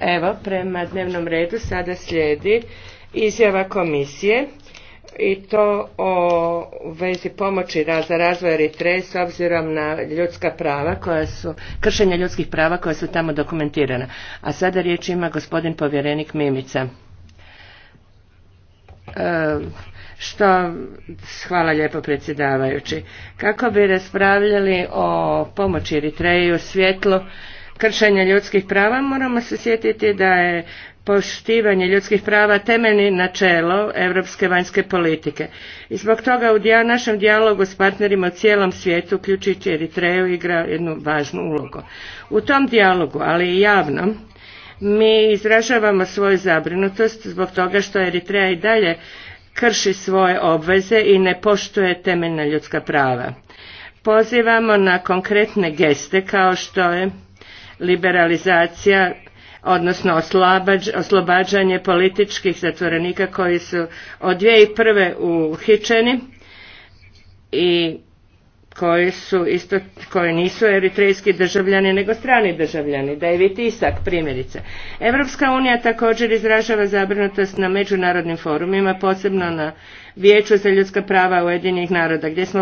Evo, prema dnevnom redu sada slijedi izjava komisije i to o vezi pomoći za razvoj Eritre s obzirom na ljudska prava koja su, kršenja ljudskih prava koja su tamo dokumentirana. A sada riječ ima gospodin povjerenik Mimica. Eh, što, hvala lijepo predsjedavajući, kako bi raspravljali o pomoći Eritreju svjetlu kršenja ljudskih prava, moramo se sjetiti da je poštivanje ljudskih prava temeljni načelo europske vanjske politike. I zbog toga u našem dijalogu s partnerima u cijelom svijetu, uključujući Eritreju, igra jednu važnu ulogu. U tom dijalogu, ali i javnom, mi izražavamo svoju zabrinutost zbog toga što Eritreja i dalje krši svoje obveze i ne poštuje temeljna ljudska prava. Pozivamo na konkretne geste kao što je liberalizacija odnosno oslobađanje političkih zatvorenika koji su od dvije prve uhičeni i koji su isto, koji nisu eritrejski državljani nego strani državljani, da je vitisak primjerice. Europska unija također izražava zabrinutost na međunarodnim forumima, posebno na Vijeću za ljudska prava Ujedinjenih naroda, gdje smo